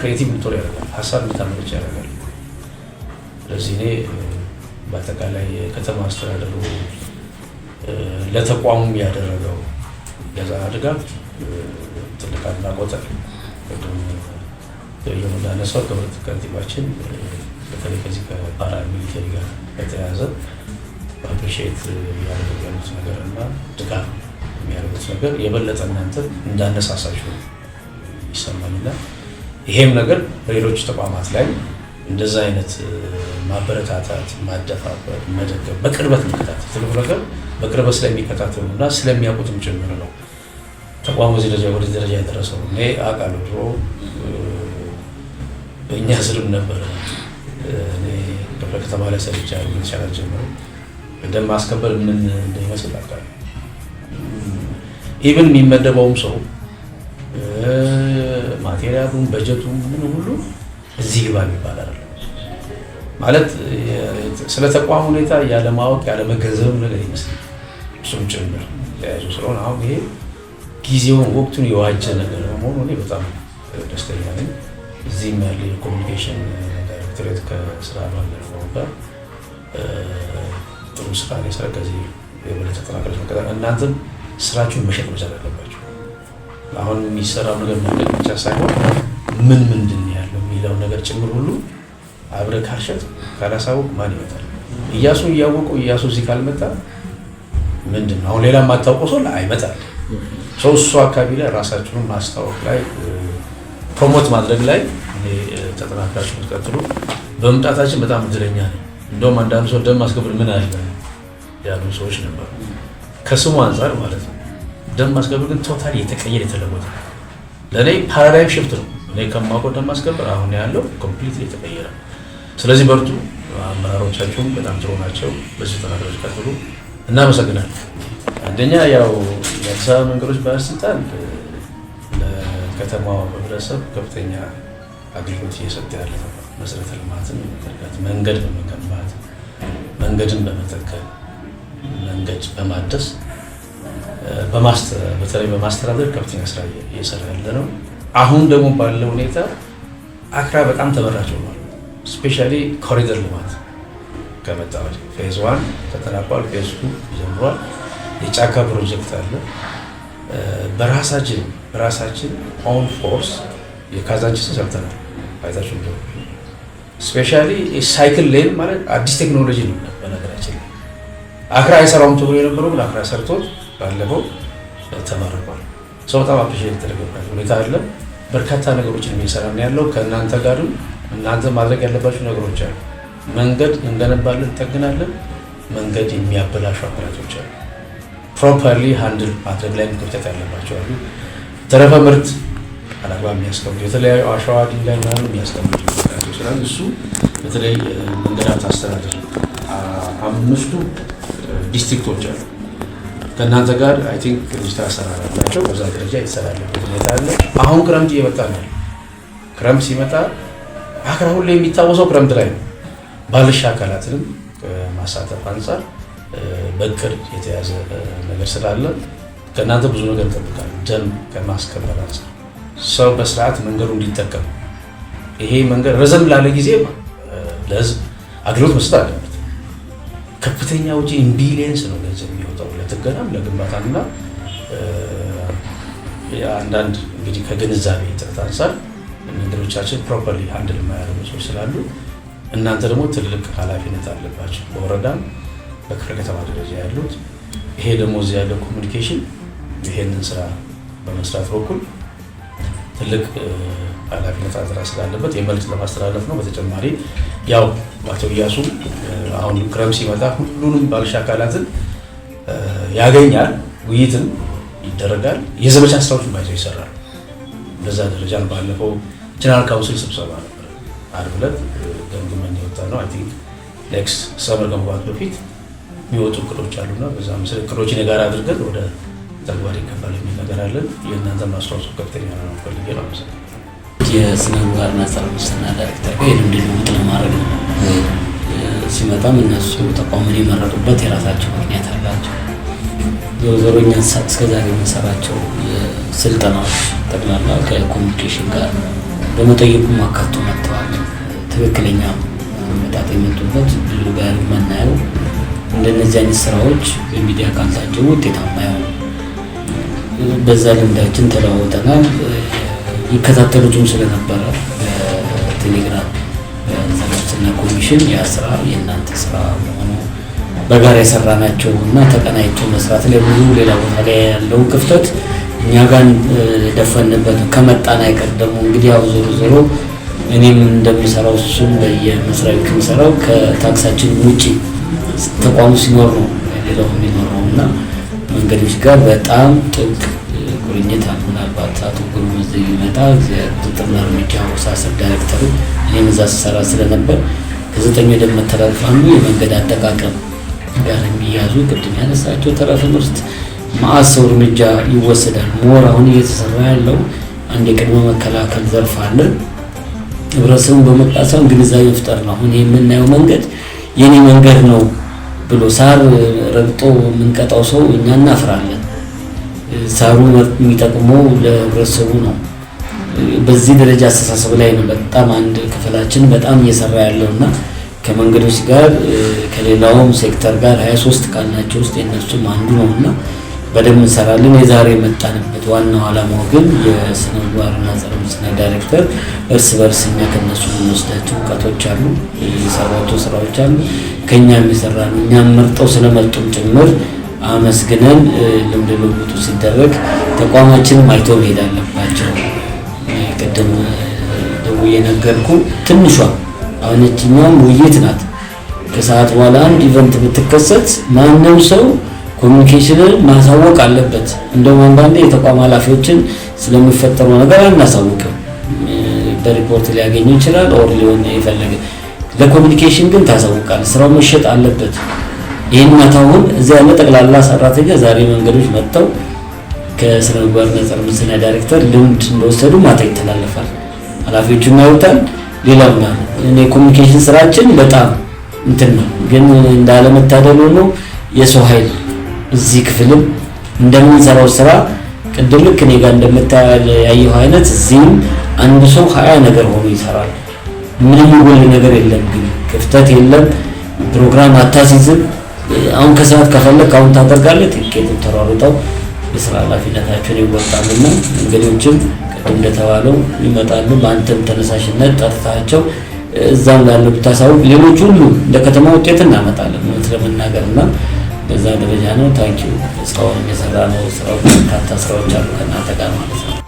ክሬቲቭ እንድትሆን ያደርጋል፣ ሀሳብ እንድታመነጭ ያደርጋል። ስለዚህ እኔ በአጠቃላይ የከተማ አስተዳደሩ ለተቋሙም ያደረገው ገዛ ድጋፍ ትልቅ አድናቆት እንዳነሳው ክብርት ከንቲባችን በተለይ ከዚህ ከፓራ ሚሊተሪ ጋር በተያያዘ በአፕሪሼት ያሉት ነገር እና ድጋፍ የሚያደርጉት ነገር የበለጠ እናንተ እንዳነሳሳችሁ ይሰማልና ይሄም ነገር በሌሎች ተቋማት ላይ እንደዚ አይነት ማበረታታት፣ ማደፋበር፣ መደገብ በቅርበት መከታተል ትልቁ ነገር በቅርበት ስለሚከታተሉ እና ስለሚያውቁትም ጭምር ነው ተቋሙ እዚህ ደረጃ ወደዚህ ደረጃ የደረሰው። እኔ አውቃለሁ፣ ድሮ በእኛ ስርም ነበረ። ደብረ ከተማ ላይ ሰርቻለሁ። ሻላ ጀምሮ ደንብ ማስከበር ምን እንደሚመስል አውቃለሁ። ኢቨን የሚመደበውም ሰው ማቴሪያሉም በጀቱ ምን ሁሉ እዚህ ግባ የሚባል አይደለም። ማለት ስለ ተቋም ሁኔታ ያለማወቅ ያለመገንዘብ ነገር ይመስላል። እሱም ጭምር ተያዙ ስለሆነ አሁን ይሄ ጊዜውን ወቅቱን የዋጀ ነገር መሆኑ እኔ በጣም ደስተኛ ነኝ። እዚህም ያለ የኮሚኒኬሽን ዳይሬክቶሬት ከስራ ባልደረባው ጋር ጥሩ ስራ ነው የሰራ ከዚህ የበለጠ ተጠናክራችሁ መቀጠል እናንተም ስራችሁን መሸጥ መቻል አለባቸው። አሁን የሚሰራው ነገር መንገድ ብቻ ሳይሆን ምን ምንድን ያለው የሚለው ነገር ጭምር ሁሉ አብረ ካሸት ካላሳወቅ ማን ይመጣል? እያሱ እያወቁ እያሱ እዚህ ካልመጣ ምንድን ነው አሁን ሌላ የማታውቀው ሰው አይመጣል። ሰው እሱ አካባቢ ላይ ራሳችሁን ማስታወቅ ላይ ፕሮሞት ማድረግ ላይ ተጠናካችሁ የምትቀጥሉ በመምጣታችን በጣም እድለኛ ነው። እንደውም አንዳንዱ ሰው ደም ማስከበር ምን አለ ያሉ ሰዎች ነበሩ፣ ከስሙ አንጻር ማለት ነው። ደም ማስከበር ግን ቶታል የተቀየረ የተለወጠ ለእኔ ፓራዳይም ሽፍት ነው። እኔ ከማውቀው ደም ማስከበር አሁን ያለው ኮምፕሊት የተቀየረ። ስለዚህ በርቱ፣ አመራሮቻችሁም በጣም ጥሩ ናቸው። በዚህ ተናገሮች ቀጥሉ። እናመሰግናለን። አንደኛ ያው የአዲስ አበባ መንገዶች ባለስልጣን ለከተማው ህብረተሰብ ከፍተኛ አገልግሎት እየሰጠ ያለ መሰረተ ልማትን በመጠርጋት መንገድ በመገንባት መንገድን በመተከል መንገድ በማደስ በተለይ በማስተዳደር ከፍተኛ ስራ እየሰራ ያለ ነው። አሁን ደግሞ ባለው ሁኔታ አክራ በጣም ተመራጭ ሆኗል። ስፔሻሊ ኮሪደር ልማት ከመጣ ፌዝ ዋን ተጠናቋል። ፌዝ ቱ ጀምሯል። የጫካ ፕሮጀክት አለ። በራሳችን በራሳችን ኦን ፎርስ የካዛንቺስን ሰርተናል። አይታችሁ እንደ ስፔሻሊ ሳይክል ሌን ማለት አዲስ ቴክኖሎጂ ነው። በነገራችን ላይ አክራ አይሰራውም ተብሎ የነበረው አክራ ሰርቶት ባለፈው ተመርቋል። ሰው በጣም አፕሪሽ የተደረገበት ሁኔታ አለ። በርካታ ነገሮችን የሚሰራ ያለው ከእናንተ ጋር እናንተ ማድረግ ያለባቸው ነገሮች አሉ። መንገድ እንገነባለን፣ እንጠግናለን። መንገድ የሚያበላሹ አካላቶች አሉ። ፕሮፐርሊ ሃንድል ማድረግ ላይ ክፍተት ያለባቸው አሉ። ተረፈ ምርት አላግባብ የሚያስቀምጡ የተለያዩ አሸዋ፣ ድንጋይ ምናምን የሚያስቀምጡ አካላቶች ስላሉ እሱ በተለይ መንገዳት አስተዳደር አምስቱ ዲስትሪክቶች አሉ ከእናንተ ጋር አይ ቲንክ ዲጂታል አሰራር አላቸው። በዛ ደረጃ የተሰራለበት ሁኔታ አለ። አሁን ክረምት እየመጣ ነው። ክረምት ሲመጣ አክራ ሁሉ የሚታወሰው ክረምት ላይ ነው። ባለሻ አካላትንም ማሳተፍ አንጻር በቅር የተያዘ ነገር ስላለ ከእናንተ ብዙ ነገር እንጠብቃለን። ደንብ ከማስከበር አንጻር ሰው በስርዓት መንገዱ እንዲጠቀም ይሄ መንገድ ረዘም ላለ ጊዜ ለህዝብ አገልግሎት መስጠት አለበት። ከፍተኛ ውጪ ቢሊየንስ ነው ገንዘብ የሚሆ ለግንባታ ለግንባታና አንዳንድ እንግዲህ ከግንዛቤ እጥረት አንጻር መንገዶቻችን ፕሮፐርሊ ሀንድል የማያደርጉ ሰዎች ስላሉ እናንተ ደግሞ ትልቅ ኃላፊነት አለባቸው። በወረዳም በክፍለ ከተማ ደረጃ ያሉት ይሄ ደግሞ እዚህ ያለው ኮሚኒኬሽን ይሄንን ስራ በመስራት በኩል ትልቅ ኃላፊነት አዝራ ስላለበት የመልዕክት ለማስተላለፍ ነው። በተጨማሪ ያው አቶ እያሱም አሁን ክረምት ሲመጣ ሁሉንም ባለድርሻ አካላትን ያገኛል። ውይይትም ይደረጋል። የዘመቻ ስራዎች ማይዘው ይሰራል። በዛ ደረጃ ባለፈው ጀነራል ካውንስል ስብሰባ ነበር አርብ ዕለት ገምግመን የወጣ ነው። አይ ቲንክ ኔክስት ሰመር ከመግባት በፊት የሚወጡ እቅዶች አሉና በዛ ምስል እቅዶችን የጋራ አድርገን ወደ ተግባር ይገባል የሚል ነገር አለን። የእናንተ አስተዋጽኦ ከፍተኛ ነው ፈልጌ ነው። መሰ የስነ ምግባርና ጸረ ሙስና ዳይሬክተር ጋር የልምድ ልውውጥ ለማድረግ ነው። ሲመጣም እነሱ ተቋሙን የመረጡበት የራሳቸው ምክንያት አላቸው። ዞሮ እኛ እስከዛሬ የምንሰራቸው ስልጠናዎች ጠቅላላ ከኮሚኒኬሽን ጋር በመጠየቁም አካቶ መጥተዋል። ትክክለኛ መጣት የመጡበት ብዙ ጋር የምናየው እንደነዚህ አይነት ስራዎች በሚዲያ ካልታጀቡ ውጤታማ ይሆኑ። በዛ ልምዳችን ተለዋውጠናል። ይከታተሉትም ስለነበረ በቴሌግራም በዘጋችና ኮሚሽን ያ ስራ የእናንተ ስራ በጋራ የሰራናቸው እና ተቀናጅቶ መስራት ላይ ብዙ ሌላ ቦታ ላይ ያለውን ክፍተት እኛ ጋር ደፈንበት ከመጣን አይቀር ደግሞ እንግዲህ ያው ዞሮ ዞሮ እኔም እንደሚሰራው እሱም በየመስሪያ ቤት የሚሰራው ከታክሳችን ውጭ ተቋሙ ሲኖር ነው ሌላው የሚኖረው እና መንገዶች ጋር በጣም ጥብቅ ቁርኝት ምናልባት አቶ ጉርመዝ ይመጣ ቁጥጥርና እርምጃ ሳስር ዳይሬክተሩ እኔም እዛ ስሰራ ስለነበር ከዘጠኝ ወደ መተላለፍ አንዱ የመንገድ አጠቃቀም ጋር የሚያዙ ቅድም ያነሳቸው ተረፈ ምርት ማአሰው እርምጃ ይወሰዳል። ሞር አሁን እየተሰራ ያለው አንድ የቅድመ መከላከል ዘርፍ አለ። ህብረተሰቡን በመቅጣት ሳይሆን ግንዛቤ መፍጠር ነው። አሁን የምናየው መንገድ የኔ መንገድ ነው ብሎ ሳር ረግጦ የምንቀጣው ሰው እኛ እናፍራለን። ሳሩ የሚጠቅመው ለህብረተሰቡ ነው። በዚህ ደረጃ አስተሳሰብ ላይ ነው በጣም አንድ ክፍላችን በጣም እየሰራ ያለው እና ከመንገዶች ጋር ከሌላውም ሴክተር ጋር ሀያ ካልናቸው ካላቸው ውስጥ የእነሱም አንዱ ነው እና በደንብ እንሰራለን። የዛሬ የመጣንበት ዋናው ዓላማው ግን የስነ ምግባርና ጸረ ሙስና ዳይሬክተር እርስ በርስ እኛ ከነሱ የምንወስዳቸው እውቀቶች አሉ፣ የሰሯቸው ስራዎች አሉ። ከእኛ የሚሰራ ነው እኛም መርጠው ስለመጡም ጭምር አመስግነን ልምድ ልውውጡ ሲደረግ ተቋማችንም አይቶ መሄድ አለባቸው። ቅድም ደውዬ ነገርኩ ትንሿ አሁን እችኛውም ውይይት ናት። ከሰዓት በኋላ አንድ ኢቨንት ብትከሰት ማንም ሰው ኮሚኒኬሽንን ማሳወቅ አለበት። እንደውም አንዳንዴ የተቋም ኃላፊዎችን ስለሚፈጠረው ነገር አናሳውቅም። በሪፖርት ሊያገኙ ይችላል ኦር ሊሆን የፈለገ ለኮሚኒኬሽን ግን ታሳውቃል። ስራው መሸጥ አለበት። ይህን መታውን እዚህ ያለ ጠቅላላ ሰራተኛ ዛሬ መንገዶች መጥተው ከስነ ምግባር ነጻ ዳይሬክተር ልምድ እንደወሰዱ ማታ ይተላለፋል። ኃላፊዎቹ ያዩታል። ሌላው የኮሚኒኬሽን ስራችን በጣም እንትን ነው፣ ግን እንዳለመታደል ሆኖ የሰው ኃይል እዚህ ክፍልም እንደምንሰራው ስራ ቅድም ልክ እኔ ጋር እንደምታያል ያየው አይነት እዚህም አንድ ሰው ሀያ ነገር ሆኖ ይሰራል። ምንም ጎል ነገር የለም፣ ግን ክፍተት የለም። ፕሮግራም አታሲዝም። አሁን ከሰዓት ከፈለግ አሁን ታደርጋለህ። ትኬቱ ተሯሩጠው የስራ ኃላፊነታቸውን ይወጣሉና እንግዶችም ቅድም እንደተባለው ይመጣሉ። በአንተም ተነሳሽነት ጠርታቸው እዛም ላለ ብታሳውቅ ሌሎች ሁሉ እንደ ከተማ ውጤት እናመጣለን ነው ለመናገር እና በዛ ደረጃ ነው። ታንኪዩ እስካሁን የሰራ ነው ስራዎች፣ በርካታ ስራዎች አሉ ከእናንተ ጋር ማለት ነው።